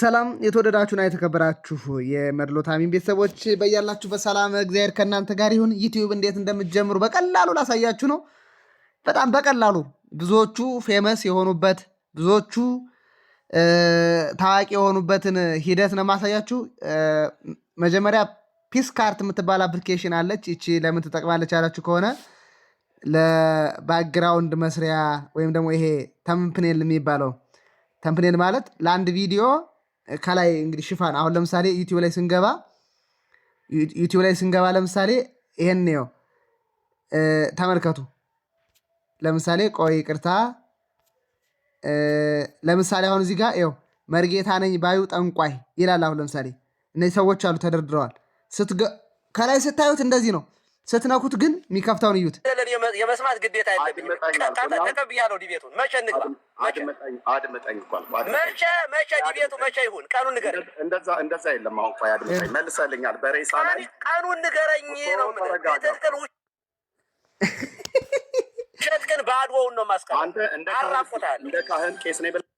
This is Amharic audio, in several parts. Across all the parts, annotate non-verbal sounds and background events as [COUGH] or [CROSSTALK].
ሰላም የተወደዳችሁና የተከበራችሁ የመድሎ ታሚም ቤተሰቦች በያላችሁ በሰላም እግዚአብሔር ከእናንተ ጋር ይሁን። ዩቲዩብ እንዴት እንደምትጀምሩ በቀላሉ ላሳያችሁ ነው። በጣም በቀላሉ ብዙዎቹ ፌመስ የሆኑበት ብዙዎቹ ታዋቂ የሆኑበትን ሂደት ነው ማሳያችሁ። መጀመሪያ ፒስ ካርት የምትባል አፕሊኬሽን አለች። ይቺ ለምን ትጠቅማለች ያላችሁ ከሆነ ለባክግራውንድ መስሪያ ወይም ደግሞ ይሄ ተምፕኔል የሚባለው ተምፕኔል ማለት ለአንድ ቪዲዮ ከላይ እንግዲህ ሽፋን አሁን ለምሳሌ ዩቲዩብ ላይ ስንገባ ዩቲዩብ ላይ ስንገባ ለምሳሌ ይሄን ነው ተመልከቱ። ለምሳሌ ቆይ ቅርታ ለምሳሌ አሁን እዚህ ጋር ው መርጌታ ነኝ ባዩ ጠንቋይ ይላል። አሁን ለምሳሌ እነዚህ ሰዎች አሉ ተደርድረዋል። ከላይ ስታዩት እንደዚህ ነው። ስትነኩት ግን ሚከፍታውን እዩት። የመስማት ግዴታ የለብኝም። ተቀብያለሁ። ዲቤቱን መቼ እንግባ? አድምጠኝ እኮ መቼ ዲቤቱ መቼ ይሁን? ቀኑን ንገረኝ። እንደዛ የለም። አሁን ቆይ አድምጠኝ። መልሰልኛል። በሬሳ ላይ ቀኑን ንገረኝ ነው ትክክል። ውሸት ግን በአድወውን ነው ማስቀረን። አራቁታል። እንደ ካህን ቄስ ነኝ ብለህ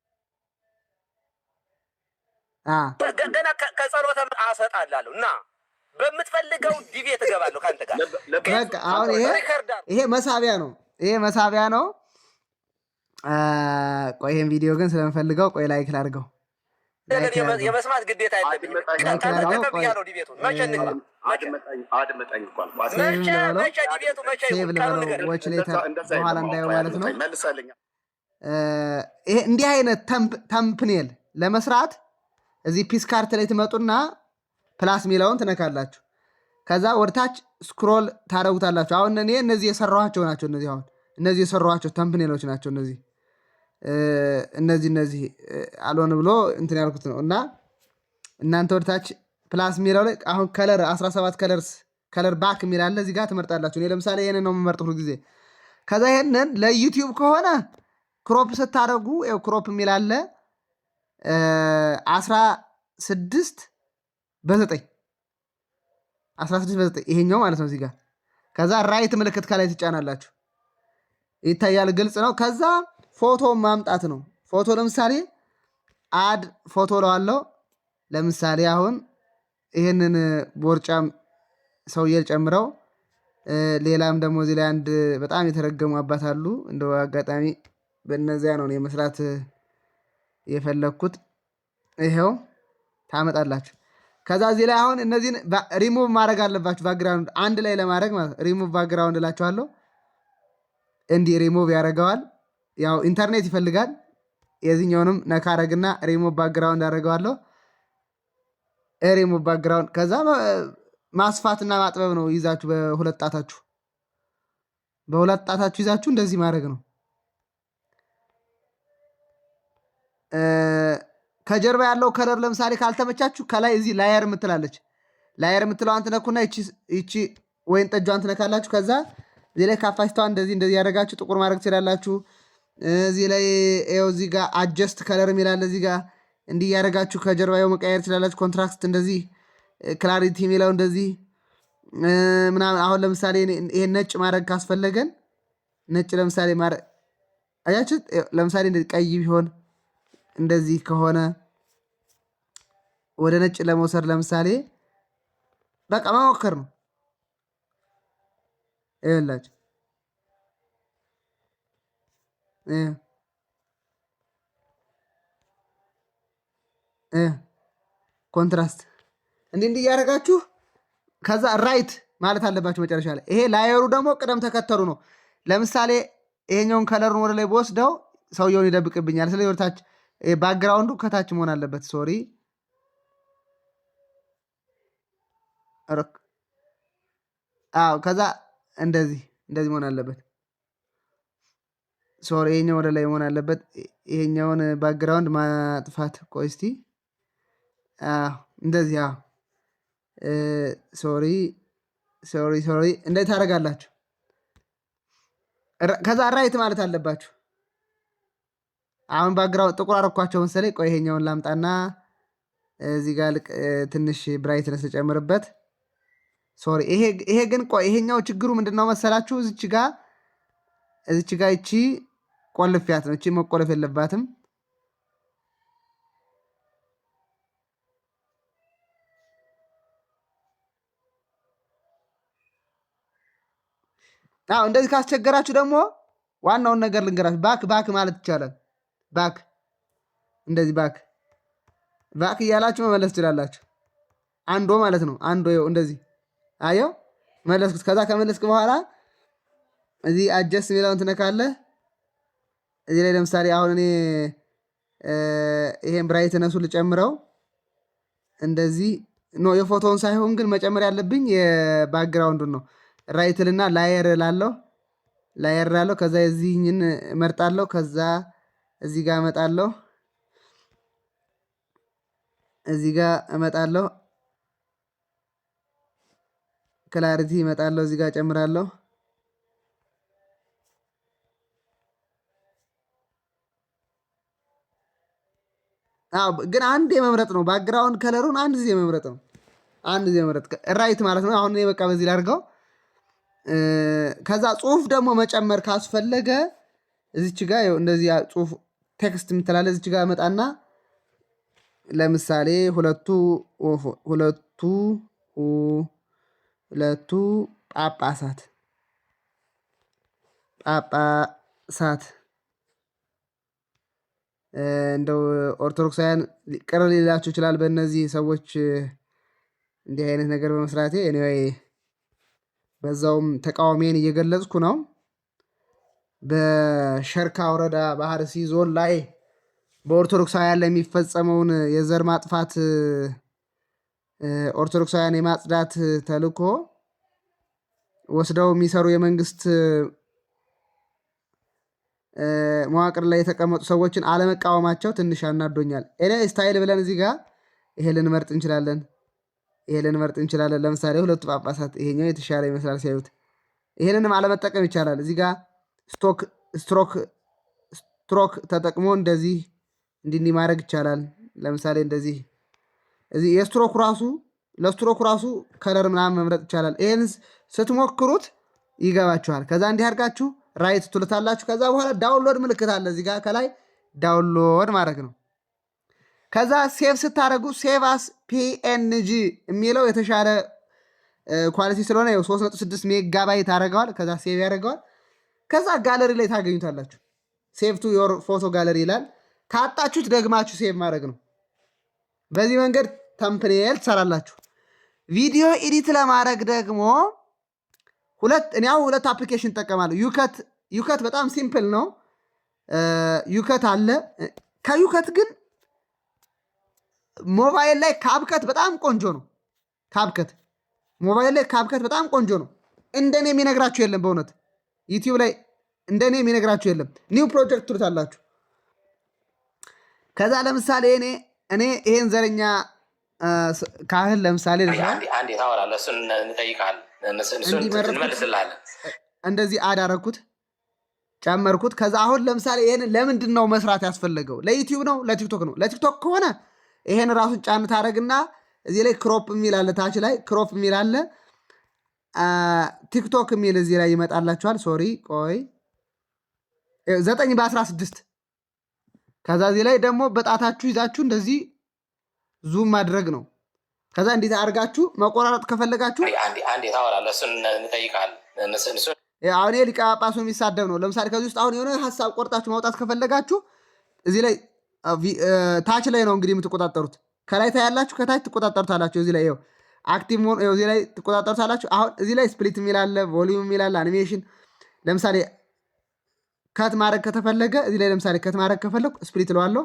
ገና ከጸሎተ አሰጣላለሁ እና በምትፈልገው ዲቪ ትገባለሁ ከአንተ ጋር። በቃ አሁን ይሄ ይሄ መሳቢያ ነው፣ ይሄ መሳቢያ ነው። ቆይ ይሄን ቪዲዮ ግን ስለምፈልገው ቆይ ላይክ ላድርገው። የመስማት ግዴታ የለብኝም። በኋላ እንዳየው ማለት ነው። እንዲህ አይነት ተምፕኔል ለመስራት እዚህ ፒስ ካርት ላይ ትመጡና ፕላስ ሚለውን ትነካላችሁ። ከዛ ወደታች ስክሮል ታደረጉታላችሁ። አሁን እኔ እነዚህ የሰራኋቸው ናቸው። እነዚህ አሁን እነዚህ የሰራኋቸው ተምፕኔሎች ናቸው። እነዚህ እነዚህ እነዚህ አልሆን ብሎ እንትን ያልኩት ነው እና እናንተ ወደታች ፕላስ የሚለው ላይ አሁን ከለር 17 ከለርስ ከለር ባክ የሚላለ እዚህ ጋር ትመርጣላችሁ። እኔ ለምሳሌ ይህንን ነው የምመርጥ ሁሉ ጊዜ። ከዛ ይህንን ለዩቲዩብ ከሆነ ክሮፕ ስታደረጉ ክሮፕ የሚላለ አስራ ስድስት በዘጠኝ አስራ ስድስት በዘጠኝ ይሄኛው ማለት ነው። እዚህ ጋር ከዛ ራይት ምልክት ከላይ ትጫናላችሁ። ይታያል፣ ግልጽ ነው። ከዛ ፎቶ ማምጣት ነው። ፎቶ ለምሳሌ አድ ፎቶ ለዋለው ለምሳሌ አሁን ይህንን ቦርጫም ሰውዬ ጨምረው ሌላም ደግሞ እዚህ ላይ አንድ በጣም የተረገሙ አባት አሉ። እንደ አጋጣሚ በነዚያ ነው የመስራት የፈለግኩት። ይኸው ታመጣላችሁ። ከዛ እዚህ ላይ አሁን እነዚህን ሪሙቭ ማድረግ አለባችሁ። ባክግራውንድ አንድ ላይ ለማድረግ ማለት ሪሙቭ ባክግራውንድ እላችኋለሁ። እንዲህ ሪሙቭ ያደርገዋል። ያው ኢንተርኔት ይፈልጋል። የዚህኛውንም ነካረግና ሪሙቭ ባክግራውንድ አደርገዋለሁ። ሪሙቭ ባክግራውንድ ከዛ ማስፋትና ማጥበብ ነው። ይዛችሁ በሁለት ጣታችሁ በሁለት ጣታችሁ ይዛችሁ እንደዚህ ማድረግ ነው። ከጀርባ ያለው ከለር ለምሳሌ ካልተመቻችሁ ከላይ እዚህ ላየር የምትላለች ላየር የምትለው አንትነኩና ይቺ ወይን ጠጇን ትነካላችሁ። ከዛ እዚህ ላይ ካፋሽተዋ እንደዚህ እንደዚህ ያደረጋችሁ ጥቁር ማድረግ ትችላላችሁ። እዚህ ላይ ው እዚህ ጋር አጀስት ከለር የሚላለ እዚህ ጋር እንዲህ ያደረጋችሁ ከጀርባ ው መቀየር ትችላላችሁ። ኮንትራክስት እንደዚህ ክላሪቲ የሚለው እንደዚህ ምናምን። አሁን ለምሳሌ ይሄ ነጭ ማድረግ ካስፈለገን ነጭ ለምሳሌ ማድረግ አያችሁ። ለምሳሌ እንደዚህ ቀይ ቢሆን እንደዚህ ከሆነ ወደ ነጭ ለመውሰድ ለምሳሌ በቃ መሞከር ነው። ይኸውላችሁ ኮንትራስት እንዲህ እንዲህ እያደረጋችሁ ከዛ ራይት ማለት አለባችሁ መጨረሻ ላይ። ይሄ ላየሩ ደግሞ ቅደም ተከተሉ ነው። ለምሳሌ ይሄኛውን ከለሩን ወደ ላይ በወስደው ሰውየውን ይደብቅብኛል። ስለዚህ ወደታች ባክግራውንዱ ከታች መሆን አለበት። ሶሪ አዎ፣ ከዛ እንደዚህ እንደዚህ መሆን አለበት። ሶሪ ይሄኛው ወደ ላይ መሆን አለበት። ይሄኛውን ባክግራውንድ ማጥፋት። ቆይ እስቲ እንደዚህ። አዎ፣ ሶሪ ሶሪ ሶሪ እንደዚህ ታደርጋላችሁ። ከዛ ራይት ማለት አለባችሁ። አሁን ባግራው ጥቁር አረኳቸው መሰለኝ። ቆይ ይሄኛውን ላምጣና እዚህ ጋር ትንሽ ብራይትነስ ተጨምርበት። ሶሪ ይሄ ግን ቆይ ይሄኛው ችግሩ ምንድነው መሰላችሁ? እዚች ጋ እዚች ጋ ይቺ ቆልፊያት ነው። እቺ መቆለፍ የለባትም። አዎ እንደዚህ ካስቸገራችሁ ደግሞ ዋናውን ነገር ልንገራችሁ። ባክ ባክ ማለት ይቻላል። ባክ እንደዚህ ባክ ባክ እያላችሁ መመለስ ትችላላችሁ። አንዶ ማለት ነው። አንዶ ይኸው እንደዚህ አየው መለስኩት። ከዛ ከመለስክ በኋላ እዚህ አጀስት የሚለውን ትነካለህ። እዚህ ላይ ለምሳሌ አሁን እኔ ይሄን ብራይት ነሱ ልጨምረው እንደዚህ ኖ የፎቶውን ሳይሆን ግን መጨመር ያለብኝ የባክግራውንዱን ነው። ራይትልና ላየር ላለው ላየር ላለው ከዛ የዚህኝን መርጣለው ከዛ እዚህ ጋር እመጣለሁ። እዚህ ጋር እመጣለሁ። ክላሪቲ እመጣለሁ። እዚህ ጋር ጨምራለሁ። ግን አንድ የመምረጥ ነው። ባክግራውንድ ከለሩን አንድ ጊዜ የመምረጥ ነው። አንድ ጊዜ መምረጥ ራይት ማለት ነው። አሁን እኔ በቃ በዚህ ላድርገው። ከዛ ጽሁፍ ደግሞ መጨመር ካስፈለገ እዚች ጋር እንደዚህ ጽሁፍ ቴክስት የሚተላለፍ እዚህ ጋር መጣና ለምሳሌ ሁለቱ ሁለቱ ሁለቱ ጳጳሳት ጳጳሳት እንደው ኦርቶዶክሳውያን ቅር ሊላቸው ይችላል። በእነዚህ ሰዎች እንዲህ አይነት ነገር በመስራቴ እኔ በዛውም ተቃዋሚን እየገለጽኩ ነው። በሸርካ ወረዳ ባህርሲ ዞን ላይ በኦርቶዶክሳውያን ላይ የሚፈጸመውን የዘር ማጥፋት ኦርቶዶክሳውያን የማጽዳት ተልእኮ ወስደው የሚሰሩ የመንግስት መዋቅር ላይ የተቀመጡ ሰዎችን አለመቃወማቸው ትንሽ አናዶኛል። እኔ ስታይል ብለን እዚህ ጋር ይሄ ልንመርጥ እንችላለን፣ ይሄ ልንመርጥ እንችላለን። ለምሳሌ ሁለቱ ጳጳሳት፣ ይሄኛው የተሻለ ይመስላል ሲያዩት። ይሄንንም አለመጠቀም ይቻላል እዚህ ጋር ስቶክ ስትሮክ ስትሮክ ተጠቅሞ እንደዚህ እንዲህ ማድረግ ይቻላል። ለምሳሌ እንደዚህ እዚህ የስትሮክ ራሱ ለስትሮክ ራሱ ከለር ምናምን መምረጥ ይቻላል። ይህን ስትሞክሩት ይገባችኋል። ከዛ እንዲህ አድርጋችሁ ራይት ትሉታላችሁ። ከዛ በኋላ ዳውንሎድ ምልክት አለ እዚህ ጋር ከላይ ዳውንሎድ ማድረግ ነው። ከዛ ሴቭ ስታደረጉ ሴቭ አስ ፒኤንጂ የሚለው የተሻለ ኳሊቲ ስለሆነ 3.6 ሜጋባይት አደረገዋል። ከዛ ሴቭ ያደርገዋል። ከዛ ጋለሪ ላይ ታገኙታላችሁ። ሴቭ ቱ ዮር ፎቶ ጋለሪ ይላል። ካጣችሁት ደግማችሁ ሴቭ ማድረግ ነው። በዚህ መንገድ ተምፕኔል ትሰራላችሁ። ቪዲዮ ኤዲት ለማድረግ ደግሞ ሁለት እኔ ሁለት አፕሊኬሽን እጠቀማለሁ። ዩከት ዩከት በጣም ሲምፕል ነው። ዩከት አለ። ከዩከት ግን ሞባይል ላይ ካብከት በጣም ቆንጆ ነው። ካብከት ሞባይል ላይ ካብከት በጣም ቆንጆ ነው። እንደኔ የሚነግራችሁ የለም በእውነት ዩቲዩብ ላይ እንደ እኔ የሚነግራችሁ የለም። ኒው ፕሮጀክት ትሉታላችሁ። ከዛ ለምሳሌ እኔ እኔ ይሄን ዘረኛ ካህል ለምሳሌ እንደዚህ አዳረግኩት፣ ጨመርኩት። ከዛ አሁን ለምሳሌ ይሄን ለምንድን ነው መስራት ያስፈለገው? ለዩቲዩብ ነው ለቲክቶክ ነው? ለቲክቶክ ከሆነ ይሄን ራሱን ጫን ታደረግና እዚህ ላይ ክሮፕ የሚል አለ፣ ታች ላይ ክሮፕ የሚል አለ ቲክቶክ የሚል እዚህ ላይ ይመጣላችኋል። ሶሪ ቆይ ዘጠኝ በአስራ ስድስት ከዛ እዚህ ላይ ደግሞ በጣታችሁ ይዛችሁ እንደዚህ ዙም ማድረግ ነው። ከዛ እንዴት አድርጋችሁ መቆራረጥ ከፈለጋችሁ አሁን ሊቀ ጳጳሱ የሚሳደብ ነው። ለምሳሌ ከዚህ ውስጥ አሁን የሆነ ሀሳብ ቆርጣችሁ ማውጣት ከፈለጋችሁ እዚህ ላይ ታች ላይ ነው እንግዲህ የምትቆጣጠሩት። ከላይ ታያላችሁ፣ ከታች ትቆጣጠሩታላችሁ። እዚህ ላይ ይኸው አክቲቭ መሆን እዚህ ላይ ሳላችሁ አሁን እዚህ ላይ ስፕሊት የሚላለ አለ፣ ቮሊዩም የሚላለ አለ፣ አኒሜሽን ለምሳሌ ከት ማድረግ ከተፈለገ እዚህ ላይ ለምሳሌ ከት ማድረግ ከፈለኩ ስፕሊት እለዋለሁ።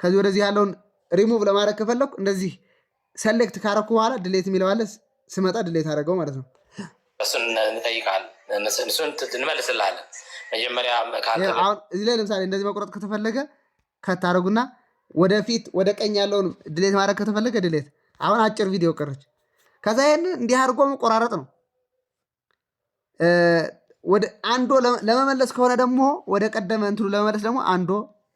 ከዚህ ወደዚህ ያለውን ሪሙቭ ለማድረግ ከፈለኩ እንደዚህ ሰሌክት ካረኩ በኋላ ድሌት የሚለው አለ፣ ስመጣ ድሌት አደረገው ማለት ነው። እሱን እንጠይቃለን፣ እሱን እንመልስልሃለን። መጀመሪያ አሁን እዚህ ላይ ለምሳሌ እንደዚህ መቁረጥ ከተፈለገ ከት አደረጉና ወደፊት ወደ ቀኝ ያለውን ድሌት ማድረግ ከተፈለገ ድሌት። አሁን አጭር ቪዲዮ ቀረች። ከዛ ይህን እንዲህ አድርጎ መቆራረጥ ነው። ወደ አንዶ ለመመለስ ከሆነ ደግሞ ወደ ቀደመ እንትኑ ለመመለስ ደግሞ አንዶ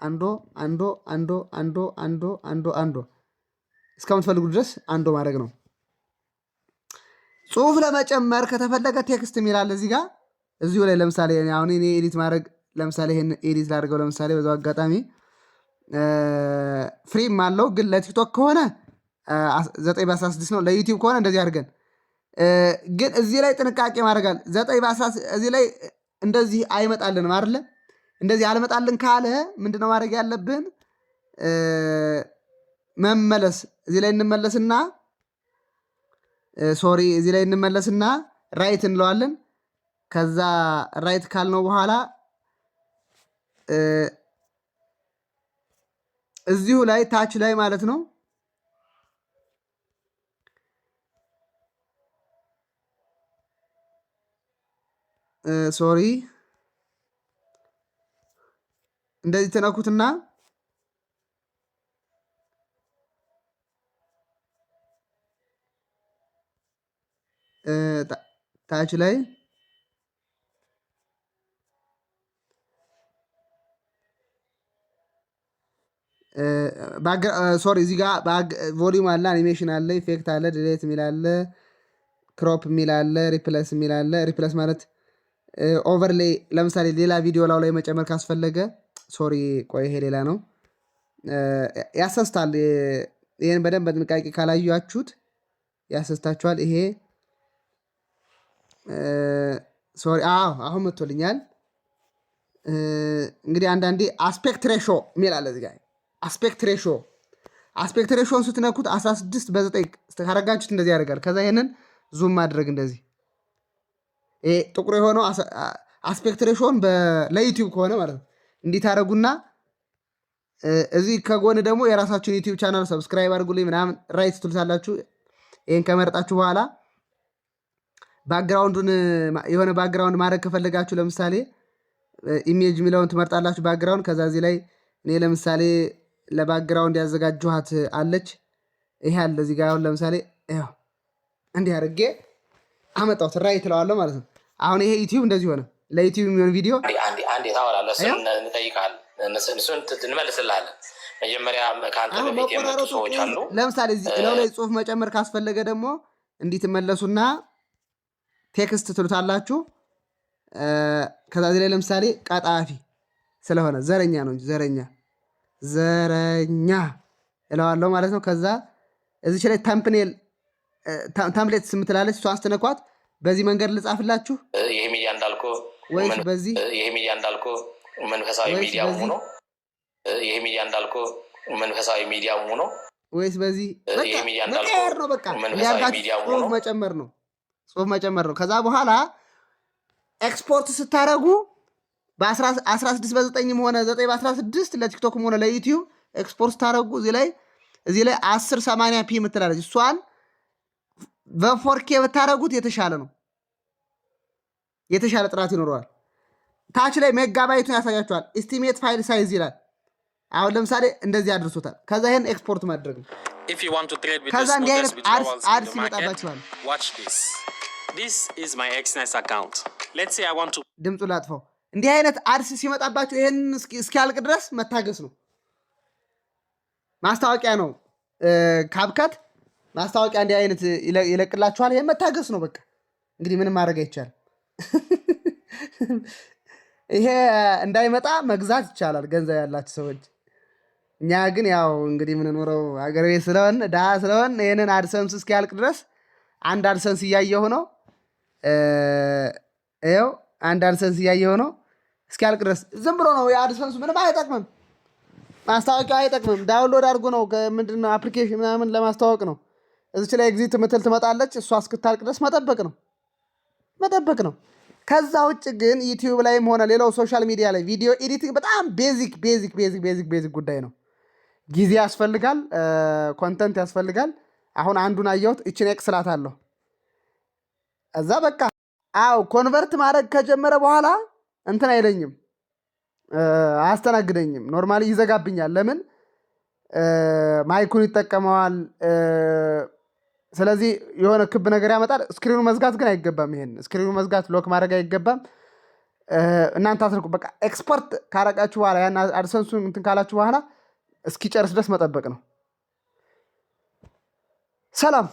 አንዶ አንዶ አንዶ አንዶ አንዶ አንዶ አንዶ እስከምትፈልጉ ድረስ አንዶ ማድረግ ነው። ጽሁፍ ለመጨመር ከተፈለገ ቴክስት የሚላል እዚህ ጋር እዚሁ ላይ ለምሳሌ አሁን እኔ ኤዲት ማድረግ ለምሳሌ ይህን ኤዲት ላድርገው። ለምሳሌ በዛው አጋጣሚ ፍሪም አለው ግን ለቲክቶክ ከሆነ ዘጠኝ በአስራ ስድስት ነው። ለዩቲዩብ ከሆነ እንደዚህ አድርገን ግን እዚህ ላይ ጥንቃቄ ማድረጋል። ዘጠኝ በአስራ እዚህ ላይ እንደዚህ አይመጣልንም አይደለ? እንደዚህ አልመጣልን ካለ ምንድነው ማድረግ ያለብን? መመለስ እዚህ ላይ እንመለስና ሶሪ እዚህ ላይ እንመለስና ራይት እንለዋለን። ከዛ ራይት ካልነው በኋላ እዚሁ ላይ ታች ላይ ማለት ነው ሶሪ እንደዚህ ትነኩትና ታች ላይ ሶሪ እዚህ ጋ ቮሊዩም አለ፣ አኒሜሽን አለ፣ ኢፌክት አለ፣ ድሌት የሚል አለ፣ ክሮፕ የሚል አለ፣ ሪፕለስ የሚል አለ። ሪፕለስ ማለት ኦቨርሌይ ለምሳሌ ሌላ ቪዲዮ ላው ላይ መጨመር ካስፈለገ ሶሪ ቆይ ይሄ ሌላ ነው ያሰስታል ይህን በደንብ በጥንቃቄ ካላያችሁት ያሰስታችኋል ይሄ ሶሪ አዎ አሁን መቶልኛል እንግዲህ አንዳንዴ አስፔክት ሬሾ የሚል አለ እዚህ አስፔክት ሬሾ አስፔክት ሬሾን ስትነኩት 16 በ9 ካረጋችሁት እንደዚህ ያደርጋል ከዛ ይህንን ዙም ማድረግ እንደዚህ ጥቁር የሆነው አስፔክት ሬሾን ለዩቲዩብ ከሆነ ማለት ነው እንዲት ታደረጉና እዚህ ከጎን ደግሞ የራሳችሁን ዩቲዩብ ቻናል ሰብስክራይብ አድርጉልኝ ምናምን ራይት ትልሳላችሁ። ይህን ከመረጣችሁ በኋላ ባክግራውንዱን የሆነ ባክግራውንድ ማድረግ ከፈለጋችሁ ለምሳሌ ኢሜጅ የሚለውን ትመርጣላችሁ ባክግራውንድ። ከዛ እዚህ ላይ እኔ ለምሳሌ ለባክግራውንድ ያዘጋጅኋት አለች። ይሄ አለ እዚህ ጋር አሁን ለምሳሌ እንዲህ አድርጌ አመጣሁት ራይት እለዋለሁ ማለት ነው። አሁን ይሄ ዩቲዩብ እንደዚህ ሆነ። ለዩቲዩብ የሚሆን ቪዲዮ አንዴ ታወራለህ፣ እሱን እንመልስልሃለን። መጀመሪያ ከአንተ በፊት የመጡ ሰዎች አሉ። ለምሳሌ እለው ላይ ጽሁፍ መጨመር ካስፈለገ ደግሞ እንዲት መለሱና ቴክስት ትሉታላችሁ። ከዛ ላይ ለምሳሌ ቀጣፊ ስለሆነ ዘረኛ ነው እንጂ ዘረኛ ዘረኛ እለዋለሁ ማለት ነው። ከዛ እዚች ላይ ተምፕኔል ተምፕሌትስ ስምትላለች እሷን ስትነኳት በዚህ መንገድ ልጻፍላችሁ። ይህ ሚዲያ እንዳልኩ ወይስ በዚህ ይህ ሚዲያ እንዳልኩ መንፈሳዊ ሚዲያ ሆኖ ይህ ሚዲያ እንዳልኩ መንፈሳዊ ሚዲያ ሆኖ ወይስ በዚህ መቀየር ነው። በቃ ያልካችሁ ጽሁፍ መጨመር ነው። ጽሁፍ መጨመር ነው። ከዛ በኋላ ኤክስፖርት ስታደረጉ በ16 በ9 ሆነ 9 በ16 ለቲክቶክም ሆነ ለዩቲዩብ ኤክስፖርት ስታደረጉ እዚህ ላይ እዚህ ላይ 10 ፒ የምትላለች እሷን በፎርኬ ብታደረጉት የተሻለ ነው። የተሻለ ጥራት ይኖረዋል። ታች ላይ ሜጋባይቱን ያሳያቸዋል። ኢስቲሜት ፋይል ሳይዝ ይላል። አሁን ለምሳሌ እንደዚህ አድርሶታል። ከዛ ይህን ኤክስፖርት ማድረግ ነው። ከዛ እንዲህ አይነት አድስ ይመጣባቸዋል። ድምፁ ላጥፈው። እንዲህ አይነት አድስ ሲመጣባቸው ይህን እስኪያልቅ ድረስ መታገስ ነው። ማስታወቂያ ነው ካብካት ማስታወቂያ እንዲህ አይነት ይለቅላችኋል። ይሄ መታገስ ነው በቃ እንግዲህ ምንም ማድረግ አይቻልም። [LAUGHS] ይሄ እንዳይመጣ መግዛት ይቻላል ገንዘብ ያላችሁ ሰዎች። እኛ ግን ያው እንግዲህ የምንኖረው አገር ቤት ስለሆን ድሃ ስለሆን ይህንን አድሰንስ እስኪያልቅ ድረስ አንድ አድሰንስ እያየሁ ነው። ይኸው አንድ አድሰንስ እያየሁ ነው እስኪያልቅ ድረስ ዝም ብሎ ነው የአድሰንሱ ምንም አይጠቅምም። ማስታወቂያው አይጠቅምም። ዳውንሎድ አድርጎ ነው ምንድን ነው አፕሊኬሽን ምናምን ለማስተዋወቅ ነው። እዚች ላይ ኤግዚት ምትል ትመጣለች። እሷ እስክታልቅ ድረስ መጠበቅ ነው መጠበቅ ነው። ከዛ ውጭ ግን ዩቲዩብ ላይም ሆነ ሌላው ሶሻል ሚዲያ ላይ ቪዲዮ ኤዲቲንግ በጣም ቤዚክ ቤዚክ ቤዚክ ቤዚክ ቤዚክ ጉዳይ ነው። ጊዜ ያስፈልጋል፣ ኮንተንት ያስፈልጋል። አሁን አንዱን አየሁት። እችን ኤክስላት አለሁ እዛ በቃ አው ኮንቨርት ማድረግ ከጀመረ በኋላ እንትን አይለኝም፣ አያስተናግደኝም። ኖርማሊ ይዘጋብኛል። ለምን ማይኩን ይጠቀመዋል ስለዚህ የሆነ ክብ ነገር ያመጣል። ስክሪኑ መዝጋት ግን አይገባም። ይሄን ስክሪኑ መዝጋት ሎክ ማድረግ አይገባም። እናንተ አትርቁ። በቃ ኤክስፐርት ካረቃችሁ በኋላ ያን አድሰንሱ እንትን ካላችሁ በኋላ እስኪጨርስ ድረስ መጠበቅ ነው። ሰላም